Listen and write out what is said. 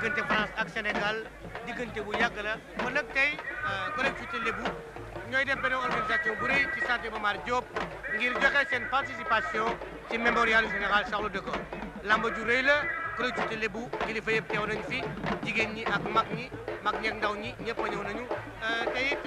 diggante France ak Sénégal diggante bu yàgg la kon nag tey euh, collectivité lébu ñooy def benn organisation bu rëy ci santé Momar Diop ngir joxe seen participation ci mémorial général Charles de Gaulle lamba ju rëy la collectivité lébu kilifa yëpp teew nañ fi jigéen ñi ak mag ñi mag ñi ak ndaw ñi ñëpp a ñëw nañu euh, tey